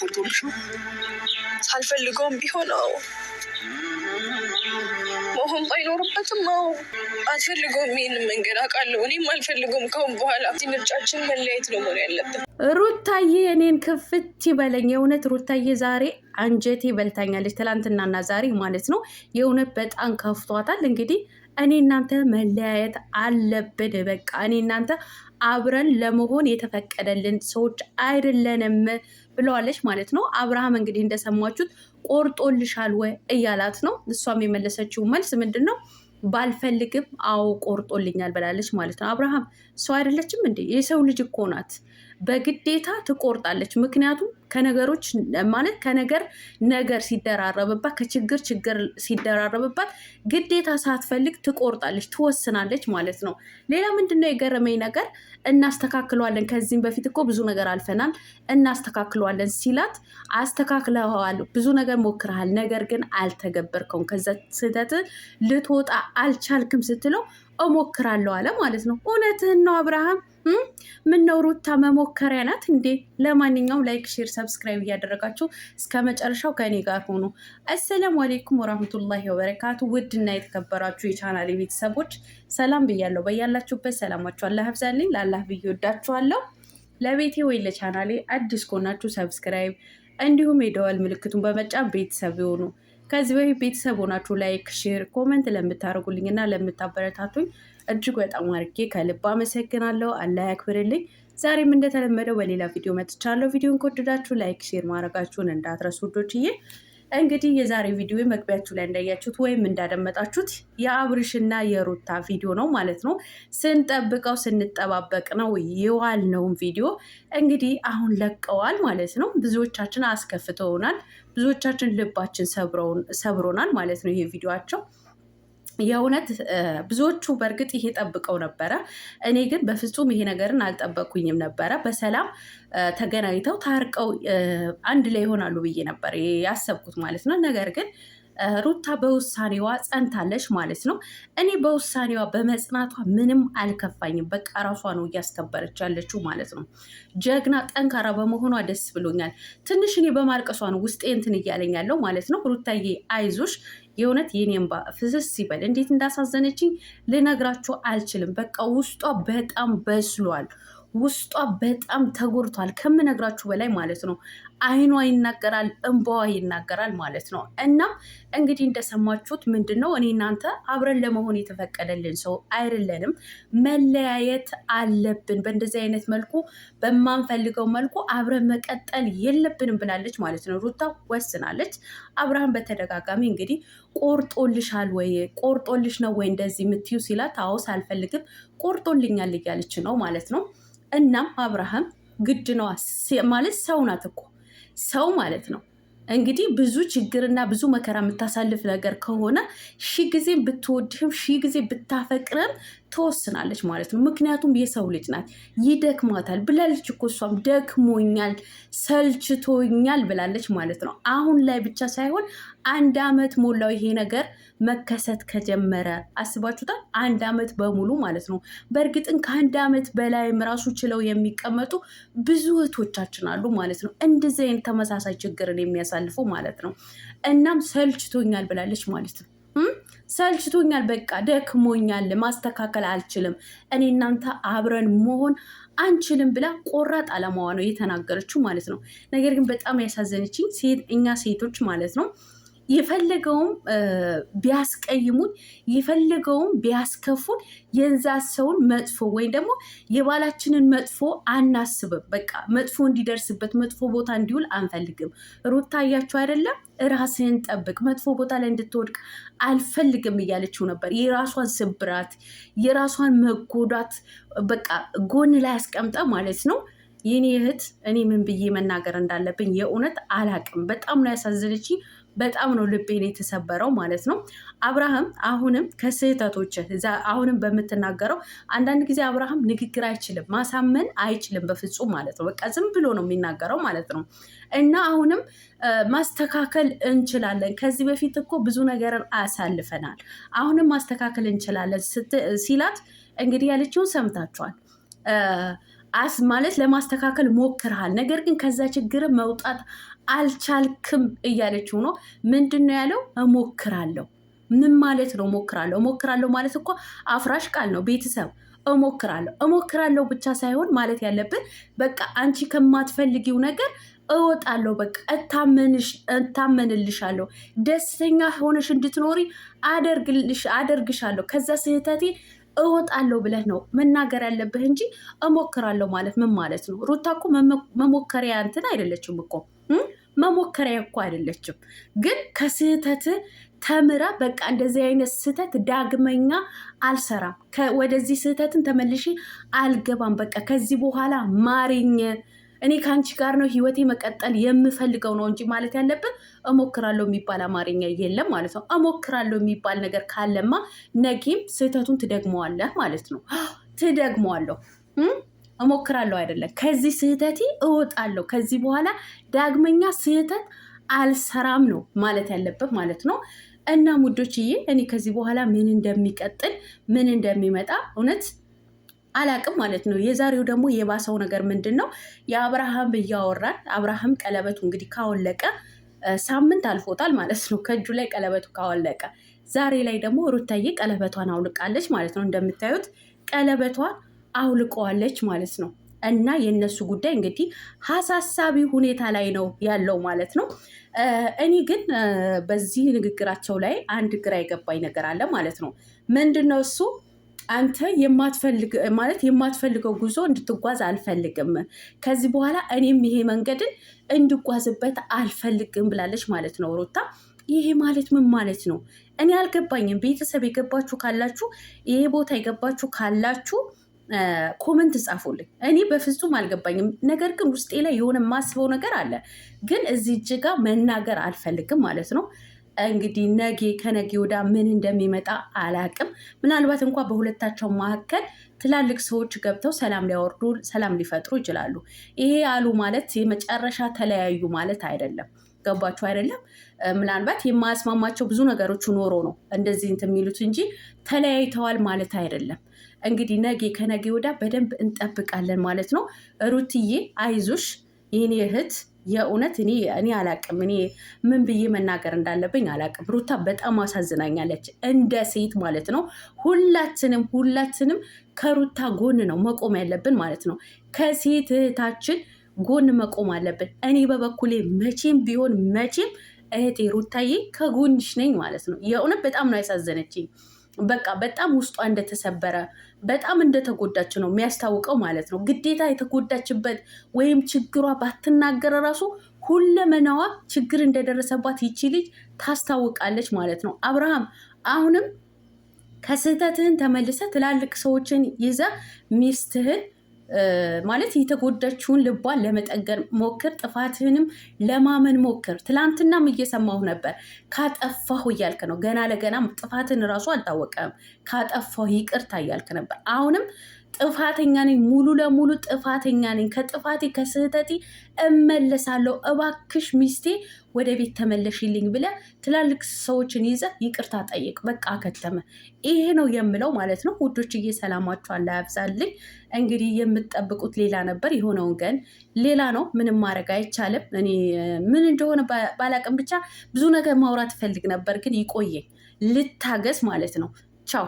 ፎቶሾፕ ሳልፈልገውም ቢሆን አዎ መሆን ባይኖርበትም አዎ አልፈልገውም። መንገድ አውቃለሁ። እኔም አልፈልገውም። ከሁን በኋላ ምርጫችን መለያየት ነው መሆን ያለብን። ሩታዬ እኔን ክፍት ይበለኝ። የእውነት ሩታዬ ዛሬ አንጀቴ በልታኛለች። ትላንትናና ዛሬ ማለት ነው። የእውነት በጣም ከፍቷታል። እንግዲህ እኔ እናንተ መለያየት አለብን። በቃ እኔ እናንተ አብረን ለመሆን የተፈቀደልን ሰዎች አይደለንም ብለዋለች ማለት ነው። አብርሃም እንግዲህ እንደሰማችሁት ቆርጦልሻል ወይ እያላት ነው። እሷም የመለሰችው መልስ ምንድን ነው? ባልፈልግም አዎ ቆርጦልኛል ብላለች ማለት ነው። አብርሃም ሰው አይደለችም እንዴ? የሰው ልጅ እኮ ናት። በግዴታ ትቆርጣለች። ምክንያቱም ከነገሮች ማለት ከነገር ነገር ሲደራረብባት ከችግር ችግር ሲደራረብባት ግዴታ ሳትፈልግ ትቆርጣለች፣ ትወስናለች ማለት ነው። ሌላ ምንድነው የገረመኝ ነገር እናስተካክለዋለን፣ ከዚህም በፊት እኮ ብዙ ነገር አልፈናል፣ እናስተካክለዋለን ሲላት አስተካክለዋል፣ ብዙ ነገር ሞክረሃል፣ ነገር ግን አልተገበርከውም፣ ከዛ ስህተት ልትወጣ አልቻልክም ስትለው እሞክራለሁ አለ ማለት ነው። እውነትህን ነው አብርሃም። ምነው ሩታ መሞከሪያ ናት እንዴ? ለማንኛውም ላይክ ሼር ሰብስክራይብ እያደረጋችሁ እስከ መጨረሻው ከእኔ ጋር ሆኑ። አሰላሙ አሌይኩም ወራህመቱላሂ ወበረካቱ። ውድና የተከበራችሁ የቻናል ቤተሰቦች ሰላም ብያለሁ። በያላችሁበት ሰላማችሁ አላህ ብዛልኝ። ለአላህ ብዬ ወዳችኋለሁ። ለቤቴ ወይ ለቻናሌ አዲስ ከሆናችሁ ሰብስክራይብ እንዲሁም የደወል ምልክቱን በመጫን ቤተሰብ የሆኑ ከዚህ በፊት ቤተሰብ ሆናችሁ ላይክ፣ ሼር፣ ኮመንት ለምታደርጉልኝና ለምታበረታቱኝ እጅግ በጣም አድርጌ ከልብ አመሰግናለሁ። አላህ ያክብርልኝ። ዛሬም እንደተለመደው በሌላ ቪዲዮ መጥቻለሁ። ቪዲዮን ከወደዳችሁ ላይክ፣ ሼር ማድረጋችሁን እንዳትረሱ ውዶችዬ። እንግዲህ የዛሬ ቪዲዮ መግቢያችሁ ላይ እንዳያችሁት ወይም እንዳደመጣችሁት የአብርሽና የሩታ ቪዲዮ ነው ማለት ነው። ስንጠብቀው ስንጠባበቅ ነው የዋልነውን ቪዲዮ እንግዲህ አሁን ለቀዋል ማለት ነው። ብዙዎቻችን አስከፍተውናል፣ ብዙዎቻችን ልባችን ሰብሮናል ማለት ነው ይሄ ቪዲዮቸው የእውነት ብዙዎቹ በእርግጥ ይሄ ጠብቀው ነበረ። እኔ ግን በፍጹም ይሄ ነገርን አልጠበኩኝም ነበረ። በሰላም ተገናኝተው ታርቀው አንድ ላይ ይሆናሉ ብዬ ነበር ያሰብኩት ማለት ነው። ነገር ግን ሩታ በውሳኔዋ ጸንታለች ማለት ነው። እኔ በውሳኔዋ በመጽናቷ ምንም አልከፋኝም። በቃ ራሷ ነው እያስከበረች ያለችው ማለት ነው። ጀግና ጠንካራ በመሆኗ ደስ ብሎኛል። ትንሽ እኔ በማልቀሷ ነው ውስጤ እንትን እያለኝ ያለው ማለት ነው። ሩታዬ አይዞሽ፣ የእውነት የኔ እንባ ፍስስ እንዴት እንዳሳዘነችኝ ልነግራችሁ አልችልም። በቃ ውስጧ በጣም በስሏል። ውስጧ በጣም ተጎድቷል ከምነግራችሁ በላይ ማለት ነው። አይኗ ይናገራል፣ እንባዋ ይናገራል ማለት ነው። እና እንግዲህ እንደሰማችሁት ምንድን ነው እኔ እናንተ አብረን ለመሆን የተፈቀደልን ሰው አይደለንም። መለያየት አለብን። በእንደዚህ አይነት መልኩ በማንፈልገው መልኩ አብረን መቀጠል የለብንም ብላለች ማለት ነው። ሩታ ወስናለች። አብርሃም በተደጋጋሚ እንግዲህ ቆርጦልሻል ወይ ቆርጦልሽ ነው ወይ እንደዚህ የምትዩ ሲላት፣ አዎ ሳልፈልግም ቆርጦልኛል እያለች ነው ማለት ነው። እናም አብርሃም ግድ ነው ማለት ሰው ናት እኮ ሰው ማለት ነው። እንግዲህ ብዙ ችግርና ብዙ መከራ የምታሳልፍ ነገር ከሆነ ሺ ጊዜ ብትወድህም ሺ ጊዜ ብታፈቅረም ትወስናለች ማለት ነው። ምክንያቱም የሰው ልጅ ናት፣ ይደክማታል ብላለች እኮ እሷም ደክሞኛል፣ ሰልችቶኛል ብላለች ማለት ነው። አሁን ላይ ብቻ ሳይሆን አንድ አመት ሞላው ይሄ ነገር መከሰት ከጀመረ አስባችሁታል? አንድ አመት በሙሉ ማለት ነው። በእርግጥን ከአንድ አመት በላይም ራሱ ችለው የሚቀመጡ ብዙ እህቶቻችን አሉ ማለት ነው። እንደዚህ አይነት ተመሳሳይ ችግርን የሚያሳልፉ ማለት ነው። እናም ሰልችቶኛል ብላለች ማለት ነው። ሰልችቶኛል፣ በቃ ደክሞኛል፣ ማስተካከል አልችልም፣ እኔ እናንተ አብረን መሆን አንችልም ብላ ቆራጥ አላማዋ ነው የተናገረችው ማለት ነው። ነገር ግን በጣም ያሳዘነችኝ እኛ ሴቶች ማለት ነው የፈለገውም ቢያስቀይሙን የፈለገውም ቢያስከፉን የንዛ ሰውን መጥፎ ወይም ደግሞ የባላችንን መጥፎ አናስብም። በቃ መጥፎ እንዲደርስበት መጥፎ ቦታ እንዲውል አንፈልግም። ሩታ አይደለም ራስህን ጠብቅ፣ መጥፎ ቦታ ላይ እንድትወድቅ አልፈልግም እያለችው ነበር። የራሷን ስብራት የራሷን መጎዳት በቃ ጎን ላይ አስቀምጠ ማለት ነው። ይህኔ እህት እኔ ምን ብዬ መናገር እንዳለብኝ የእውነት አላቅም። በጣም ነው ያሳዘነች። በጣም ነው ልቤን የተሰበረው ማለት ነው። አብርሃም አሁንም ከስህተቶች አሁንም በምትናገረው አንዳንድ ጊዜ አብርሃም ንግግር አይችልም፣ ማሳመን አይችልም በፍጹም ማለት ነው። በቃ ዝም ብሎ ነው የሚናገረው ማለት ነው። እና አሁንም ማስተካከል እንችላለን፣ ከዚህ በፊት እኮ ብዙ ነገርን አሳልፈናል፣ አሁንም ማስተካከል እንችላለን ሲላት እንግዲህ ያለችውን ሰምታችኋል። አስ ማለት ለማስተካከል ሞክርሃል፣ ነገር ግን ከዛ ችግር መውጣት አልቻልክም እያለችው ነው። ምንድን ነው ያለው? እሞክራለሁ። ምን ማለት ነው እሞክራለሁ? እሞክራለሁ ማለት እኮ አፍራሽ ቃል ነው ቤተሰብ እሞክራለሁ እሞክራለሁ ብቻ ሳይሆን ማለት ያለብን በቃ አንቺ ከማትፈልጊው ነገር እወጣለሁ፣ በቃ እታመንልሻለሁ፣ ደስተኛ ሆነሽ እንድትኖሪ አደርግሻለሁ፣ ከዛ ስህተቴ እወጣለሁ ብለህ ነው መናገር ያለብህ እንጂ እሞክራለሁ ማለት ምን ማለት ነው? ሩታ እኮ መሞከሪያ እንትን አይደለችም እኮ መሞከሪያ እኮ አይደለችም። ግን ከስህተት ተምራ በቃ እንደዚህ አይነት ስህተት ዳግመኛ አልሰራም፣ ወደዚህ ስህተትን ተመልሼ አልገባም፣ በቃ ከዚህ በኋላ ማሪኝ እኔ ከአንቺ ጋር ነው ህይወቴ መቀጠል የምፈልገው ነው እንጂ ማለት ያለብን እሞክራለሁ የሚባል አማርኛ የለም ማለት ነው። እሞክራለሁ የሚባል ነገር ካለማ ነጌም ስህተቱን ትደግመዋለህ ማለት ነው። ትደግመዋለሁ እሞክራለሁ አይደለም። ከዚህ ስህተቴ እወጣለሁ። ከዚህ በኋላ ዳግመኛ ስህተት አልሰራም ነው ማለት ያለበት ማለት ነው። እና ሙዶችዬ እኔ ከዚህ በኋላ ምን እንደሚቀጥል ምን እንደሚመጣ እውነት አላቅም ማለት ነው። የዛሬው ደግሞ የባሰው ነገር ምንድን ነው? የአብርሃም እያወራን አብርሃም ቀለበቱ እንግዲህ ካወለቀ ሳምንት አልፎታል ማለት ነው። ከእጁ ላይ ቀለበቱ ካወለቀ ዛሬ ላይ ደግሞ ሩታዬ ቀለበቷን አውልቃለች ማለት ነው። እንደምታዩት ቀለበቷን አውልቀዋለች ማለት ነው። እና የእነሱ ጉዳይ እንግዲህ አሳሳቢ ሁኔታ ላይ ነው ያለው ማለት ነው። እኔ ግን በዚህ ንግግራቸው ላይ አንድ ግራ የገባኝ ነገር አለ ማለት ነው። ምንድን ነው እሱ? አንተ የማትፈልግ ማለት የማትፈልገው ጉዞ እንድትጓዝ አልፈልግም፣ ከዚህ በኋላ እኔም ይሄ መንገድን እንድጓዝበት አልፈልግም ብላለች ማለት ነው ሩታ። ይሄ ማለት ምን ማለት ነው? እኔ አልገባኝም። ቤተሰብ የገባችሁ ካላችሁ፣ ይሄ ቦታ የገባችሁ ካላችሁ ኮመንት ጻፉልኝ። እኔ በፍጹም አልገባኝም። ነገር ግን ውስጤ ላይ የሆነ የማስበው ነገር አለ፣ ግን እዚህ እጅጋ መናገር አልፈልግም ማለት ነው። እንግዲህ ነጌ ከነጌ ወዳ ምን እንደሚመጣ አላቅም። ምናልባት እንኳ በሁለታቸው መካከል ትላልቅ ሰዎች ገብተው ሰላም ሊያወርዱ ሰላም ሊፈጥሩ ይችላሉ። ይሄ አሉ ማለት የመጨረሻ ተለያዩ ማለት አይደለም። ገባችሁ አይደለም? ምናልባት የማያስማማቸው ብዙ ነገሮች ኖሮ ነው እንደዚህ እንትን የሚሉት እንጂ ተለያይተዋል ማለት አይደለም። እንግዲህ ነጌ ከነጌ ወዳ በደንብ እንጠብቃለን ማለት ነው። ሩትዬ አይዞሽ የኔ እህት የእውነት እኔ እኔ አላቅም። እኔ ምን ብዬ መናገር እንዳለብኝ አላቅም። ሩታ በጣም አሳዝናኛለች፣ እንደ ሴት ማለት ነው። ሁላችንም ሁላችንም ከሩታ ጎን ነው መቆም ያለብን ማለት ነው። ከሴት እህታችን ጎን መቆም አለብን። እኔ በበኩሌ መቼም ቢሆን መቼም እህቴ ሩታዬ ከጎንሽ ነኝ ማለት ነው። የእውነት በጣም ነው ያሳዘነችኝ። በቃ በጣም ውስጧ እንደተሰበረ በጣም እንደተጎዳች ነው የሚያስታውቀው ማለት ነው። ግዴታ የተጎዳችበት ወይም ችግሯ ባትናገር ራሱ ሁለመናዋ ችግር እንደደረሰባት ይቺ ልጅ ታስታውቃለች ማለት ነው። አብርሃም አሁንም ከስህተትህን ተመልሰ ትላልቅ ሰዎችን ይዘ ሚስትህን ማለት የተጎዳችውን ልቧን ለመጠገን ሞክር፣ ጥፋትህንም ለማመን ሞክር። ትላንትናም እየሰማሁ ነበር ካጠፋሁ እያልክ ነው። ገና ለገና ጥፋትን እራሱ አልታወቀም። ካጠፋሁ ይቅርታ እያልክ ነበር። አሁንም ጥፋተኛ ነኝ፣ ሙሉ ለሙሉ ጥፋተኛ ነኝ። ከጥፋቴ ከስህተቴ እመለሳለሁ። እባክሽ ሚስቴ ወደ ቤት ተመለሽልኝ ብለ ትላልቅ ሰዎችን ይዘ ይቅርታ ጠይቅ። በቃ አከተመ። ይሄ ነው የምለው ማለት ነው ውዶች። እየሰላማችሁ አላ እንግዲህ የምትጠብቁት ሌላ ነበር፣ የሆነው ግን ሌላ ነው። ምንም ማድረግ አይቻልም። እኔ ምን እንደሆነ ባላቅም ብቻ ብዙ ነገር ማውራት እፈልግ ነበር፣ ግን ይቆየኝ። ልታገዝ ማለት ነው። ቻው